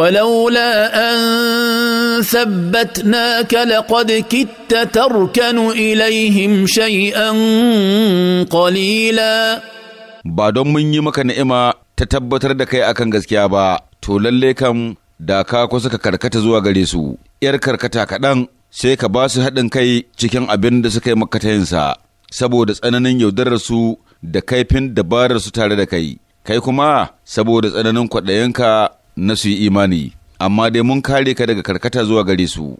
ولولا ان ثبتناك لقد كدت تركن اليهم شيئا قليلا ba don mun yi maka ni'ima ta tabbatar da kai akan gaskiya ba to lalle kam da ka kusa ka karkata zuwa gare su yar karkata kaɗan sai ka ba su haɗin kai cikin abin da suka yi maka tayinsa saboda tsananin yaudarar su da kaifin dabarar su tare da kai kai kuma saboda tsananin kwaɗayinka na su yi imani, amma dai mun kare ka daga karkata zuwa gare su.